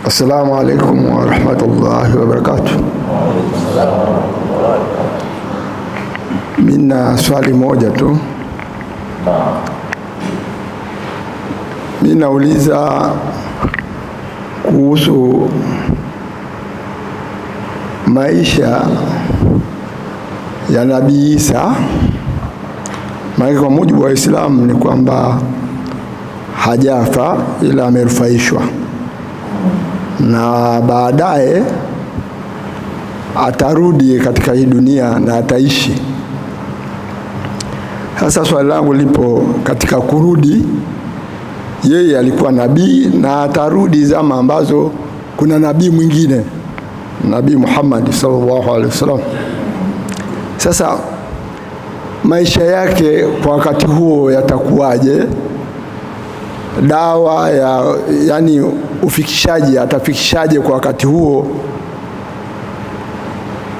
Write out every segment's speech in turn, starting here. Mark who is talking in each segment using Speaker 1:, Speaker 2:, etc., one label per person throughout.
Speaker 1: Assalamu alaikum warahmatullahi wabarakatuh. Mina swali moja tu, mi nauliza kuhusu maisha ya Nabii Isa, maana kwa mujibu wa Waislamu ni kwamba hajafa ila amerufaishwa na baadaye atarudi katika hii dunia na ataishi. Sasa swali langu lipo katika kurudi. Yeye alikuwa nabii na atarudi zama ambazo kuna nabii mwingine, Nabii Muhammad sallallahu alaihi wasallam. Sasa maisha yake kwa wakati huo yatakuwaje? dawa ya yani ufikishaji, atafikishaje kwa wakati huo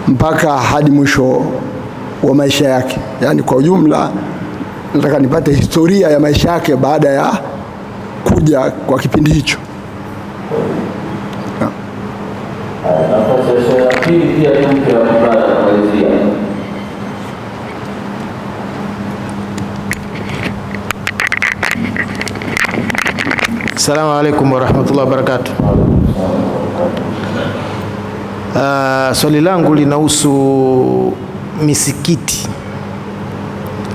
Speaker 1: mpaka hadi mwisho wa maisha yake. Yani kwa ujumla, nataka nipate historia ya maisha yake baada ya kuja kwa kipindi hicho. Nafasi ya pili pia
Speaker 2: Assalamu alaikum warahmatullahi wabarakatuh. Uh, ah, swali langu linahusu misikiti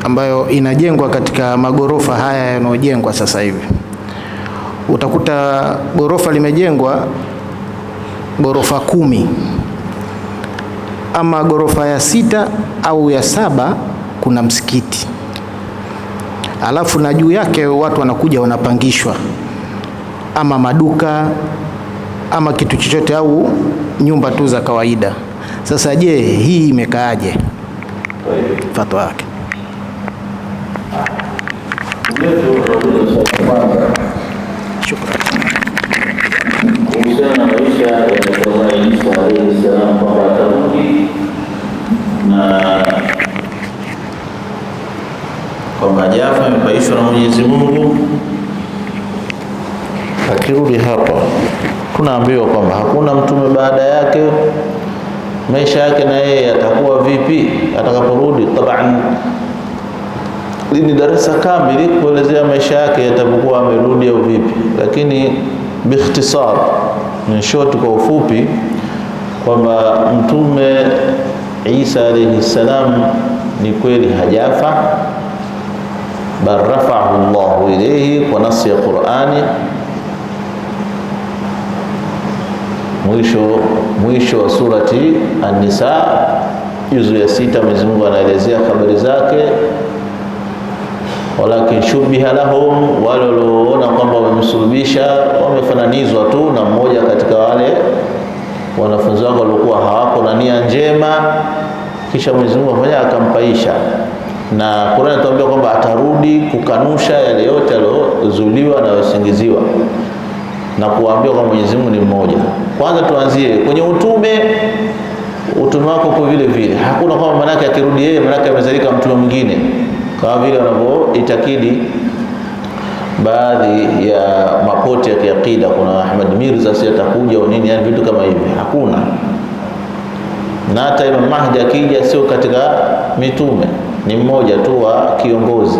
Speaker 2: ambayo inajengwa katika magorofa haya yanayojengwa sasa hivi. Utakuta gorofa limejengwa gorofa kumi, ama gorofa ya sita au ya saba kuna msikiti, alafu na juu yake watu wanakuja wanapangishwa ama maduka ama kitu chochote au nyumba tu za kawaida. Sasa je, hii imekaaje? Fatwa yake kuhusiana
Speaker 1: kwamba jafa amepaishwa na Mwenyezi Mungu tukirudi hapa tunaambiwa kwamba hakuna mtume baada yake, maisha yake na yeye atakuwa vipi atakaporudi. Taban, ni darasa kamili kuelezea maisha yake yatakuwa amerudi au vipi, lakini bikhtisar ni short, kwa ufupi, kwamba mtume Isa alayhi salam ni kweli hajafa, bal rafa'ahu Allahu ilayhi kwa nasi ya Qur'ani mwisho mwisho wa surati An-Nisa juzu ya sita, Mwenyezi Mungu anaelezea habari zake, walakin shubiha lahum, wale walioona kwamba wamemsulubisha wamefananizwa tu na mmoja katika wale wanafunzi wake waliokuwa hawako na nia njema, kisha Mwenyezi Mungu afanya akampaisha, na Qur'an inatuambia kwamba atarudi kukanusha yale yote aliyozuliwa na yosingiziwa na kuambia kwamba Mwenyezi Mungu ni mmoja. Kwanza tuanzie kwenye utume, utume wako kwa vile vile, hakuna kwamba manake akirudi yeye manake amezalika mtume mwingine, kama vile wanavyoitakidi baadhi ya mapote ya kiakida, kuna Ahmad Mirza si atakuja au nini, yani vitu kama hivi hakuna. Na hata Imam Mahdi akija sio katika mitume, ni mmoja tu wa kiongozi.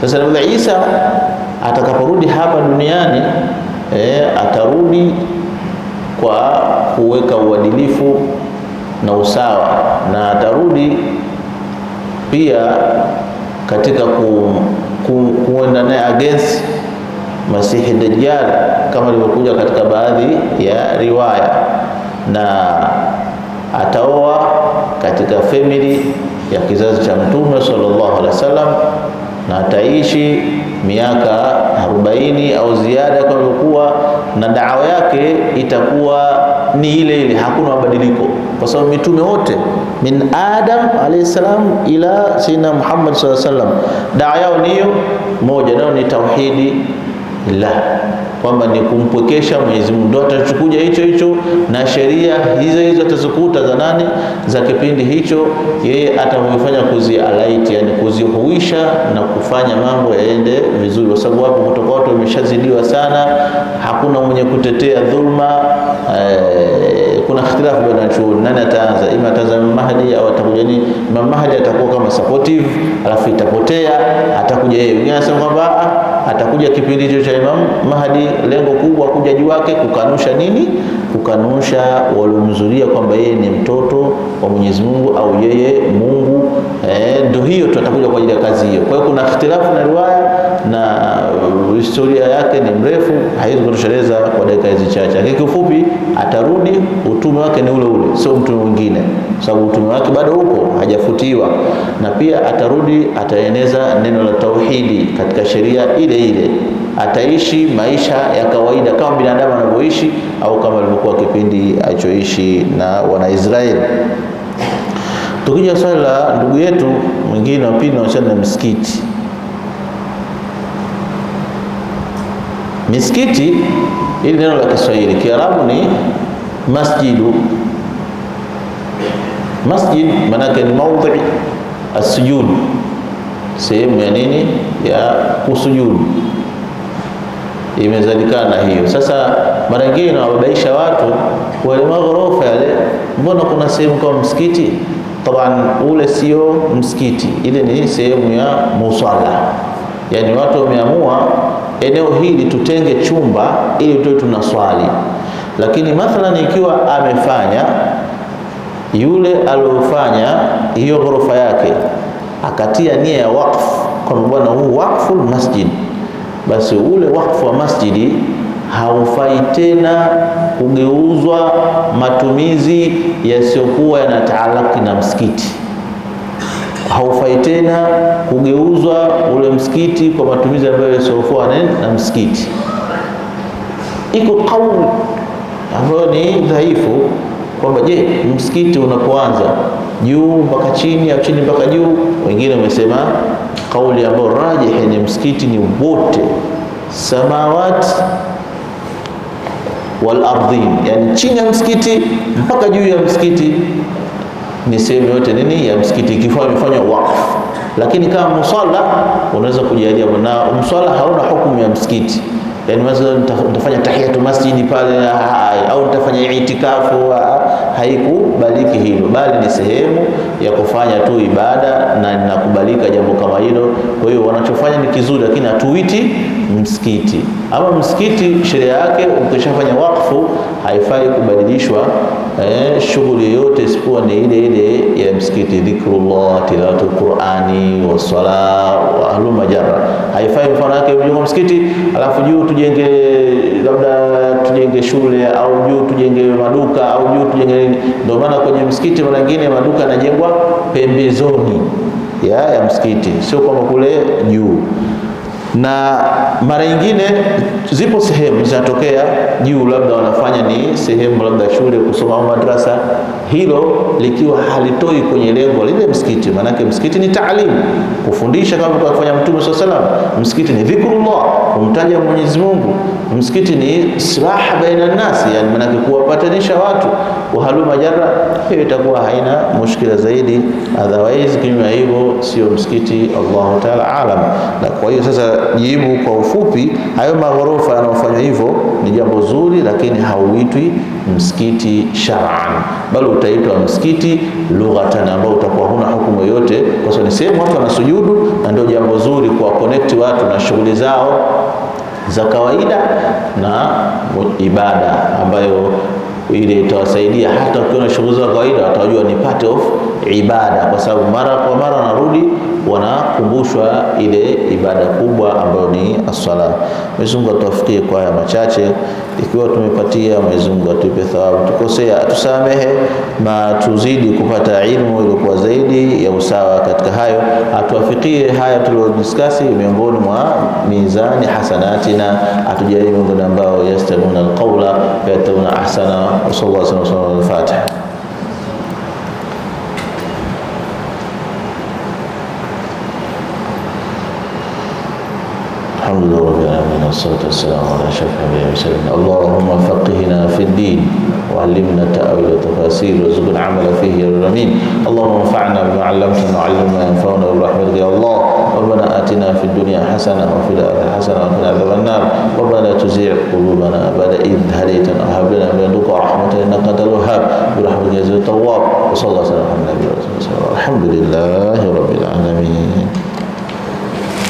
Speaker 1: Sasa Isa atakaporudi hapa duniani e, atarudi kwa kuweka uadilifu na usawa, na atarudi pia katika ku, ku, kuenda naye against Masihi Dajjal kama ilivyokuja katika baadhi ya riwaya, na ataoa katika family ya kizazi cha Mtume sallallahu alaihi wasallam na ataishi miaka 40 au ziada kwa kuwa na dawa yake itakuwa ni ile ile, hakuna mabadiliko, kwa sababu mitume wote min Adam alayhi salam ila sina Muhammad sallallahu alayhi wasallam, dawa yao ni hiyo moja, nayo ni tauhidi la kwamba ni kumpwekesha Mwenyezi Mungu, ndio hicho hicho sheria hizo hizo atazikuta za nani za kipindi hicho, yeye kuzi kuzialaiti, yani kuzihuisha na kufanya mambo yaende vizuri, kwa sababu hapo kutoka watu wameshazidiwa sana, hakuna mwenye kutetea dhulma. E, kuna ikhtilafu baina chuo nani ataanza, ima ataanza Mahdi au atakuja ni Imam Mahdi, atakuwa kama supportive, alafu itapotea, atakuja yeye mwenyewe anasema kwamba ah, atakuja kipindi hicho cha Imam Mahdi, lengo kubwa kujaji wake kukanusha nini? Kukanusha waliomzuria kwamba yeye ni mtoto wa Mwenyezi Mungu au yeye Mungu. Eh, ndio eh, hiyo tu atakuja kwa ajili ya kazi hiyo. Kwa hiyo kuna ikhtilafu na riwaya na historia yake ni mrefu, haiwezi kutosheleza kwa dakika hizi chache. Lakini kifupi, atarudi utume wake ni ule ule, sio mtume mwingine, sababu utume wake bado uko hajafutiwa, na pia atarudi, ataeneza neno la tauhidi katika sheria ile ile, ataishi maisha ya kawaida kama binadamu anavyoishi, au kama alivyokuwa kipindi alichoishi na Wanaisraeli. Tukija swali la ndugu yetu mwingine, wa pili, na msikiti Misikiti, ili neno la Kiswahili Kiarabu ni masjidu. Masjid maanake ni maudhi asujud, sehemu ya nini ya kusujudu, imezalikana hiyo. Sasa mara nyingine nawababaisha watu wale maghorofa yale, mbona kuna sehemu kama msikiti? Taban, ule sio msikiti, ile ni sehemu ya musala, yaani watu wameamua eneo hili tutenge chumba ili tuwe swali Lakini mathalan ikiwa amefanya yule aliyofanya hiyo ghorofa yake akatia nia ya wakfu kwamba bwana, huu wakfu masjid, basi ule wakfu wa masjidi haufai tena kugeuzwa matumizi yasiyokuwa yanataalaki na msikiti haufai tena kugeuzwa ule msikiti kwa matumizi ambayo yasiokuwa na msikiti. Iko kauli ambayo ni dhaifu kwamba je, msikiti unapoanza juu mpaka chini au chini mpaka juu? Wengine wamesema kauli ambayo rajih yenye msikiti ni wote samawati wal ardhin, yani chini ya msikiti mpaka juu ya msikiti ni sehemu yote nini ya msikiti ikiwa imefanywa wakfu. Lakini kama msala unaweza kujalia, na msala hauna hukumu ya msikiti. Yani mazala nitafanya tahiyatu masjid pale ah, ah, au nitafanya itikafu, ah, haikubaliki hilo, bali ni sehemu ya kufanya tu ibada na ninakubalika jambo kama hilo. Kwa hiyo wanachofanya ni kizuri, lakini hatuiti msikiti. Ama msikiti sheria yake ukishafanya wakfu haifai kubadilishwa eh, shughuli yote isipokuwa ni ile ile ya msikiti, dhikrullah, tilawatul Qurani, wasala wa ahlu majara. Haifai mfano yake ujenge msikiti, alafu juu tujenge labda tujenge shule au juu tujenge maduka au juu tujenge nini. Ndio maana kwenye msikiti mara nyingine maduka yanajengwa pembezoni ya, ya msikiti, sio kama kule juu na mara nyingine zipo sehemu zinatokea juu, labda wanafanya ni sehemu labda shule kusoma au madrasa, hilo likiwa halitoi kwenye lengo lile msikiti. Maanake msikiti ni taalimu, kufundisha kama kufanya Mtume swalla salam. Msikiti ni dhikrullah, kumtaja Mwenyezi Mungu. Msikiti ni silaha baina nasi, yani maanake kuwapatanisha watu wahaluma majara, hiyo itakuwa haina mushkila zaidi. Otherwise kinyume hivyo sio msikiti. Allahu taala alam. Na kwa hiyo sasa jibu kwa ufupi, hayo maghorofa yanayofanya hivyo ni jambo zuri, lakini hauitwi msikiti shar'an, bali utaitwa msikiti lughatan, ambao utakuwa huna hukumu yoyote, kwa sababu ni sehemu watu wanasujudu, na ndio jambo zuri kwa connect watu na shughuli zao za kawaida na ibada ambayo ile itawasaidia hata ukiwa na shughuli za kawaida watajua ni part of ibada, kwa sababu mara kwa mara wanarudi wanakumbushwa ile ibada kubwa ambayo ni as-sala. Mwenyezi Mungu atuwafikie kwa haya machache, ikiwa tumepatia, Mwenyezi Mungu atupe thawabu, tukosea atusamehe, na tuzidi kupata ilmu iliyokuwa zaidi ya usawa katika hayo, atuwafikie haya tuliyodiskasi miongoni mwa mizani hasanatina, atujalie miongoni ambao yastamuna alqaula fayattabiuna ahsana. Wa sallallahu alaihi wasallam al-Fatiha. والصلاة الصلاة والسلام على الله عليه وسلم اللهم فقهنا في الدين وعلمنا تأويل التفاسير وارزقنا عمل فيه يا اللهم انفعنا بما علمتنا وعلمنا ما ينفعنا برحمتك يا الله ربنا آتنا في الدنيا حسنة وفي الآخرة حسنة وقنا عذاب النار ربنا لا تزيع قلوبنا بعد إذ هديتنا وهب لنا من لدنك رحمة إنك أنت الوهاب برحمتك يا التواب وصلى الله وسلم على النبي والحمد لله رب العالمين